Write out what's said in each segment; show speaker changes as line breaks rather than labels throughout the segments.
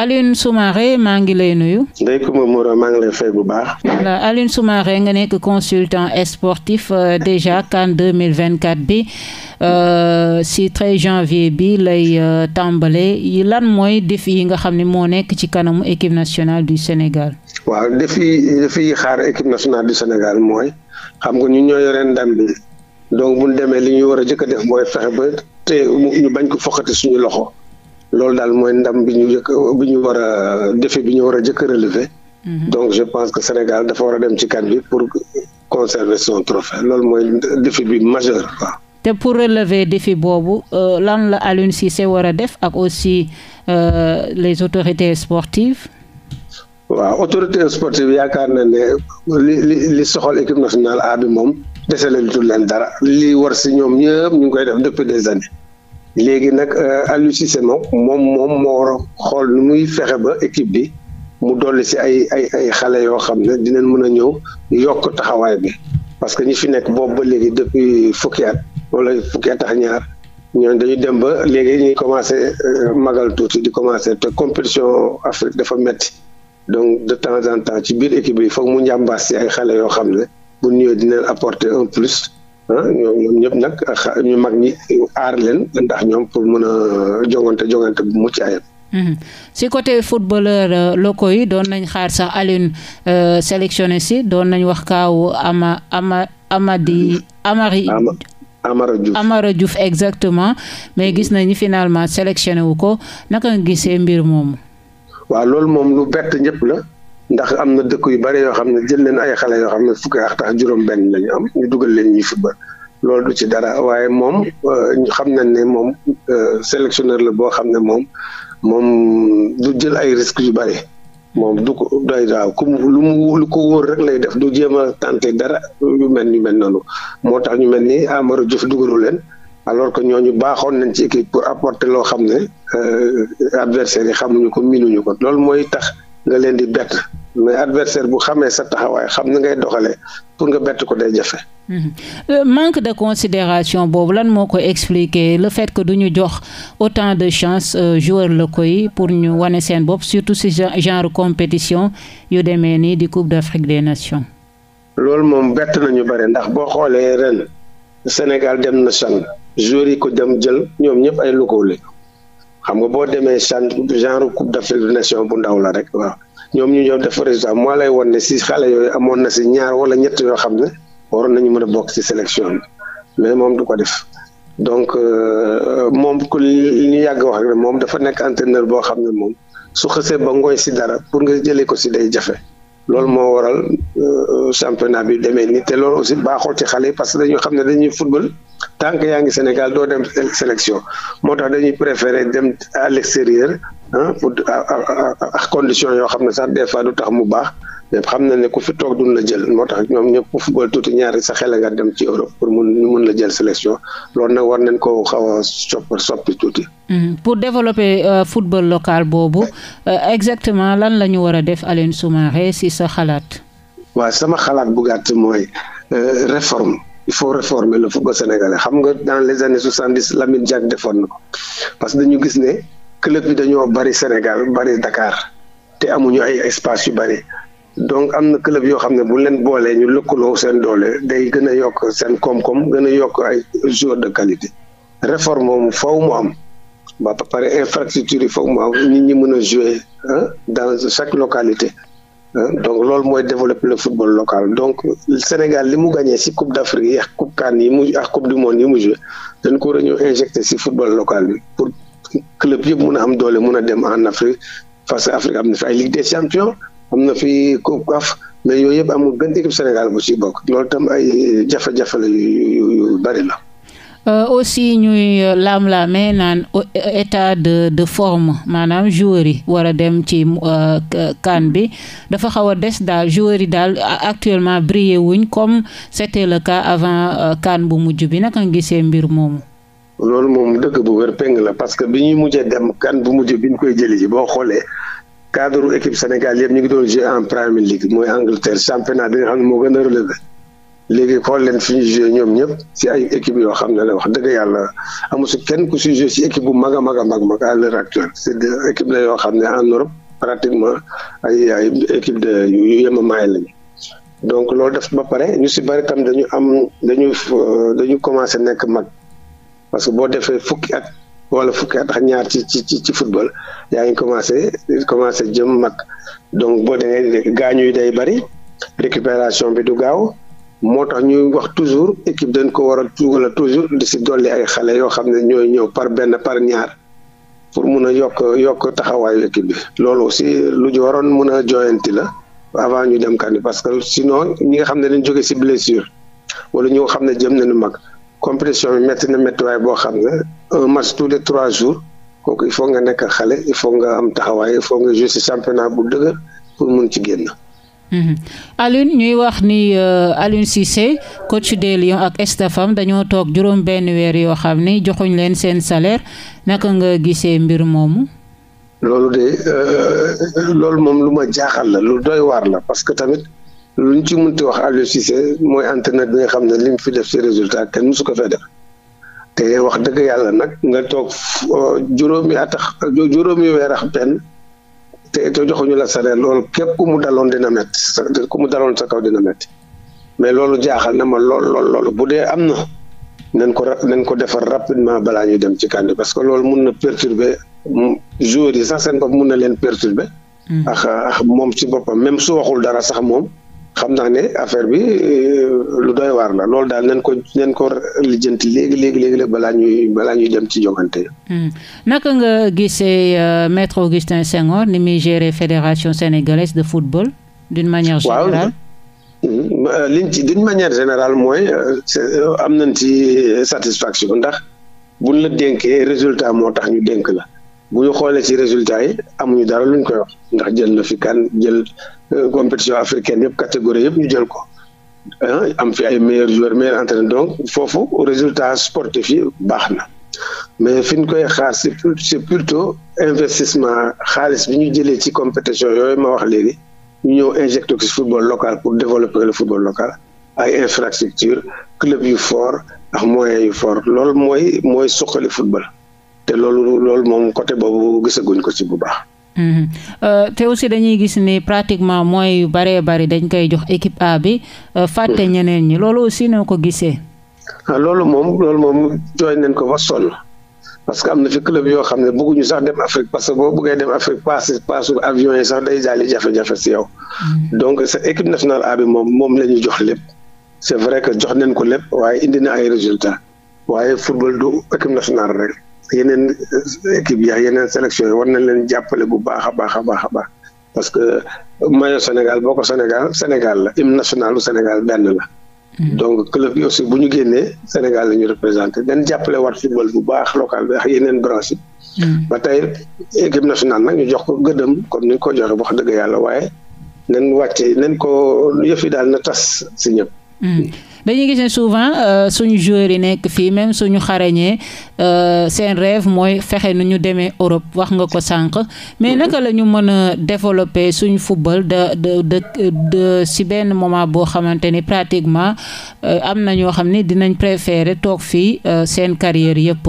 Alioune Soumaré maa ngi lay nuyu.
Ndeye Comba Moreau maa ngi lay fay bu baax.
voilà Alioune Soumaré nga nekk consultant sportif euh, déjà CAN 2024 bi euh, si 13 janvier bi lay euh, tambale yi lan mooy défi yi nga xam ni moo nekk ci kanamu équipe nationale du Sénégal.
waaw défi défi xaar équipe nationale du Sénégal mooy xam nga ñu ñoo yore ndam bi donc bu ñu demee li ñuy war a jëkk def mooy fexe ba te ñu bañ ko foqati suñu loxo. loolu daal mooy ndam bi ñu jëkk bi ñu war a défi bi ñu war a jëkk relever mhm. donc je pense que Sénégal dafa war a dem ci kan bi pour conserver son trophée loolu mooy défi bi majeur waaw
te pour relever défi boobu euh, lan la Aliou se war a def ak aussi euh, les autorités sportives
waaw autorité sportive yaakaar na ne li li li soxal équipe nationale A bi moom desele lu leen dara li war si ñoom ñëpp ñu ngi koy def depuis des années léegi nag euh, Aliou Cissé moom moom moo xool nu muy fexe ba équipe bi mu dolli si ay ay ay xale yoo xam ne dinañ mën a ñëw yokk taxawaay bi parce que ñi fi nekk boobu ba léegi depuis fukki at wala fukki at ak ñaar ñoo dañu dem ba léegi ñuy commencé euh, magal tuuti di commencé te compétition Afrique dafa metti donc de temps en temps ci biir équipe bi foog mu njàmbaas si ay xale yoo xam ne bu ñëwee dinañ apporter un plus. ah ñoom ñëpp nag ah, ñu mag ñi aar leen ndax ñoom pour mën a jongante jongante bu mucc
mhm. si côté footballeur euh, loko yi doon nañ xaar sax Alioune euh, sélectionné si doon nañ wax kaaw ama ama amadi amari Amara exactement mais gis nañu finalement sélectionné wu ko naka nga gisee mbir moomu.
waaw loolu moom lu bett ñëpp la. ndax am na dëkk yu bari yoo xam ne jël leen ay xale yoo xam ne fukki at tax juróom-benn ñu am ñu dugal leen ñuy football loolu du ci dara waaye moom euh, xam na ne moom euh, sélectionneur la boo xam ne moom moom du jël ay risques yu bari moom du ko doy daaw lu mu lu ko wóor rek lay def du jéem a tenté dara yu mel ñu mel noonu moo tax ñu mel ni Amara Diouf dugalu leen alors que ñoo ñu baaxoon nañ ci équipe pour apporter loo xam ne euh, adversaires yi xamuñu ko miinuñu ko loolu mooy tax nga leen di bett mais adversaire bu xamee sa taxawaay xam na ngay doxalee pour nga bett ko day jafe.
Mhm. Euh, manque de considération boobu lan moo ko expliquer le fait que du ñu jox autant de chance euh, joueur la koy pour ñu wane seen bopp surtout si genre compétition yu demee nii di Coupe d'Afrique de Nations.
loolu moom bett nañu bëri ndax boo xoolee ren Sénégal dem na CHAN joueurs yi ko dem jël ñoom ñëpp ay locaux lañu xam nga boo demee chan genre coupe d'Afrique des nations bu ndaw la rek waaw ñoom ñu ñëw def résultat moo lay won ne si xale yooyu amoon na si ñaar wala ñett yoo xam ne waroon nañu mën a bokk si sélection bi mais moom du ko def donc euh, moom ku li ñu yàgg wax rek moom dafa nekk entraîneur boo xam ne moom su xësee ba ngooy si dara pour nga jëlee ko si day jafe loolu moo waral euh, championnat bi demee nii te loolu aussi baaxul ci xale yi parce que dañu xam ne dañuy football tant que yaa ngi Sénégal doo dem sélection moo tax dañuy préférer dem à l'extérieur ah pour a condition yoo xam ne sax des fois du tax mu baax mais xam na ne ku fi toog duñ la jël moo tax ñoom ñëpp ku football tuuti ñaar sa xel dem ci Europe pour mun ñu mun la jël sélection loolu na war nañ ko xaw a sopp soppi tuuti.
Mm-hmm. pour développer euh, football local boobu euh, exactement lan la ñu war a def Aliou Soumaré si sa xalaat.
waaw sama xalaat bu gàtt mooy euh, réforme. il faut réformer le football sénégalais xam nga dans les années soixante dix Lamine Diack defoon na ko parce que dañu gis ne club bi dañoo bari Sénégal bari Dakar te amuñu ay espace yu bari donc am na club yoo xam ne bu leen boolee ñu lëkkaloo seen doole day gën a yokk seen koom-koom gën a yokk ay joueurs de qualité réforme moom faw mu am ba pare infrastructure yi faw mu am nit ñi mën a jouer dans chaque localité donc loolu mooy développer le football local donc Sénégal li mu gagné ci coupe d'Afrique yi ak coupe CAN yi mu ak coupe du monde yi mu joué dañ ko a ñëw injecté si football local bi pour club yëpp mun a am doole mun a dem en Afrique face à Afrique am na fi ay Ligue des champions am na fi coupe CAF mais yooyu yëpp amul benn équipe Sénégal bu si bokk loolu tam ay jafe-jafe la yu yu yu bari
Euh, aussi ñuy euh, laam-laamee naan état de de forme maanaam joueur yi war a dem ci kaan euh, bi dafa xaw a des daal joueur yi daal actuellement brillé wuñ comme c'était le cas avant CAN bu mujj bi naka nga gisee mbir moomu.
loolu moom dëgg bu wér péng la parce que bi ñuy mujjee dem kan bu mujj bi ñu koy jëli ji boo xoolee. cadre équipe Sénégal yëpp ñu ngi doon jouer en Premier League mooy Angleterre championnat bi nga xam ne moo gën a relevé léegi xool leen fi ñu joué ñoom ñëpp si ay équipe yoo xam ne la wax dëgg yàlla amu si kenn ku si joué si équipe bu mag a mag a mag mag à l'heure actuelle c' équipe la yoo xam ne en Europe pratiquement ay ay équipe de yu yemamaay lañu donc loolu def ba pare ñu si bari tam dañu am dañu dañu commencé nekk mag parce que boo defee fukki at wala fukki ak ñaar ci ci ci football yaa ngi commencé commencé jëm mag donc boo demee gaañu yi day bari récupération bi du gaaw. moo tax ñuy wax toujours équipe dañ ko waral a toujours di si dolli ay xale yoo xam ne ñooy ñëw par benn par ñaar pour mun a yokk yokk taxawaayu équipe bi loolu aussi lu ñu waroon mun a joyanti la avant ñu dem kan parce que sinon ñi nga xam ne dañ jóge si blessure wala ñi xam ne jëm nu mag compétition bi métti na méttiwaay boo xam ne un match tous les trois jours kooku il faut nga nekk xale il faut nga am taxawaay il faut nga jouer si championnat bu dëgër pour mun ci génn.
Mhm. Alioune ñuy wax ni euh, Alioune Cissé coach des Lions ak staffam dañoo toog juróom benn weer yoo xam ni joxuñ leen seen salaire naka nga gisee mbir moomu.
loolu de euh, loolu moom lu ma jaaxal la lu doy waar la parce que tamit lu luñ ci mënti wax Alioune Cissé mooy entraîneur bi nga xam ne li mu fi def si résultat kenn mësu ko fee def te wax dëgg yàlla nag nga toog euh, juróomi atax juróomi benn. te te joxuñu la salaire lool képp ku mu daloon dina métti sa ku mu daloon sa kaw dina métti mais loolu jaaxal na ma lool lool loolu bu dee am na nañ ko nañ ko defar rapidement balaa ñuy dem ci kànd parce que loolu mun na perturber joueurs yi sax seen bopp mun na leen perturber. Hmm. ak ak moom si boppam même su waxul dara sax moom. xam naa ne affaire bi euh, lu doy waar la loolu daal nañ ko nañ ko lijjanti léegi léegi léegi balaa ñuy balaa ñuy dem ci joŋante. Hmm.
naka nga gisee euh, maître Augustin Senghor ni muy gérer fédération sénégalaise de football. d'une manière générale waaw
hmm. euh, liñ ci d'une manière générale mooy am nañ ci satisfaction ndax buñ la dénkee résultat moo tax ñu dénk la. bu ñu xoolee ci résultat yi amuñu dara luñ koy wax ndax jël na fi kan jël euh, compétition africaine yëpp catégorie yëpp ñu jël ko ah, am fi ay meilleurs joueurs meilleurs entraîneurs donc foofu résultat sportif yi baax na mais fi ñu koy xaar c'est c'est investissement xaalis bi ñu jëlee ci compétition yooyu ma wax léegi ñu ñëw injecté ko ci football local pour développer le football local ay infrastructure club yu foor ak moyens yu fort loolu mooy mooy suqali football te loolu loolu moom côté boobu gisaguñ ko ci bu baax.
Mhm. Euh, te aussi dañuy gis ni pratiquement mooy yu baree bari dañ koy jox équipe A bi. Euh, fàtte mhm. ñeneen ñi loolu aussi noo ko gisee.
Ah, loolu moom loolu moom jooy nañ ko ba sol parce que am na fi club yoo xam ne bëgguñu sax dem Afrique parce que boo bëggee dem Afrique passe passe avion yi sax day jaali jafe-jafe si yow. Mhm. donc sa équipe nationale A bi moom moom la ñu jox lépp. c' est vrai que jox nañ ko lépp waaye indi na ay résultats waaye football du équipe nationale yeneen euh, équipe yi yeneen sélection yi war nañ leen jàppale bu baax a baax a baax a baax parce que maillot Sénégal boo ko Sénégal Sénégal la hymne nationalu Sénégal benn la. Mm-hmm. donc club yi bu ñu génnee Sénégal la ñu représenté dañ jàppale war football bu baax local bi ak yeneen branche yi.
Mm-hmm.
ba tey équipe nationale nag ñu jox ko gëddëm comme ni ñu ko joxe wax dëgg yàlla waaye nañ wàcce nañ ko yëf yi daal na tas si ñëpp.
Mm-hmm. dañuy gis ne souvent euh, suñu joueurs yi nekk fii même suñu xarañee euh, seen rêve mooy fexe nu ñu demee Europe wax nga ko sànq mais naka lañu ñu mën a développer suñu football de de de de si benn moment boo xamante ni pratiquement euh, am na ñoo xam ni dinañ préférer toog fii seen carrière yëpp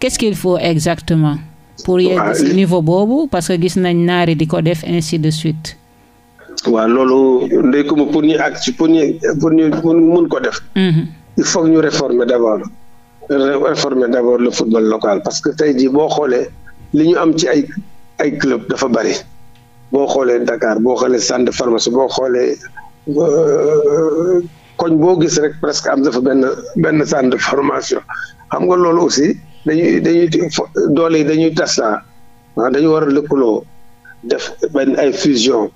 qu'est-ce qu'il faut exactement pour yegg si niveau boobu parce que gis nañ naari di ko def ainsi de suite
waaw loolu ndey ko pour ñu ak pour ñu pour ñu mun ko def. Mhm. il faut ñu réformer d' abord réformer d' abord le football local parce que tey boo xoolee li ñu am ci ay ay club dafa bari boo xoolee Dakar boo xoolee centre de pharmacie boo xoolee euh, koñ boo gis rek presque am dafa benn benn centre de formation xam nga loolu aussi dañuy dañuy doole yi dañuy tas ah, dañu war a lëkkaloo def benn ay fusion.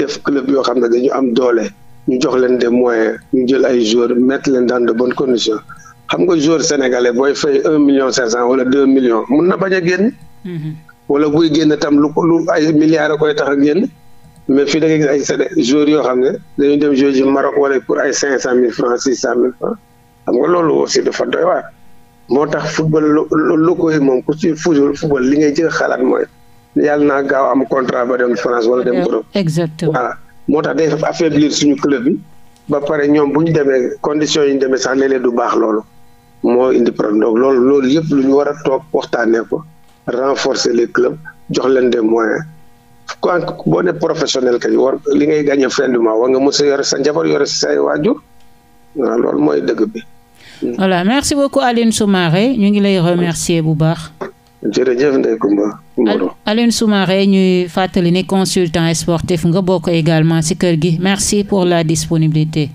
def club yoo xam ne dañu am doole ñu jox leen des moyens ñu jël ay joueurs mettre leen dans de bonnes conditions xam nga joueur sénégalais booy fay un million cinq cent wala deux millions mun na bañ a génn. Mhm. wala buy génn tam lu lu ay milliards a koy tax a génn mais fii da ngay gis ay Séné joueurs yoo xam ne dañuy dem jouer ji Maroc wala pour ay cinq cent mille francs six cent mille francs xam nga loolu aussi dafa doy waar moo tax football lu lo locaux yi moom li ngay jë xalaat mooy. yàlla naa gaaw am contrat ba dem France wala dem Europe. exactement voilà moo tax day affaiblir suñu club bi. ba pare ñoom bu ñu demee conditions yi ñu demee sax léeg du baax loolu moo indi problème donc loolu loolu yëpp lu ñu war a toog waxtaanee ko renforcer les clubs jox leen des moyens. quand boo ne professionnel kañ war li ngay gagné a du mois war nga mos yore sa njaboot yore say waajur waaw loolu mooy dëgg bi.
voilà merci beaucoup Aline Soumaré ñu ngi lay remercier bu baax.
jërëjëf Ndeye Comba
Moreau ñuy fàttali ne consultant sportif nga bokk également ci kër gi merci pour la disponibilité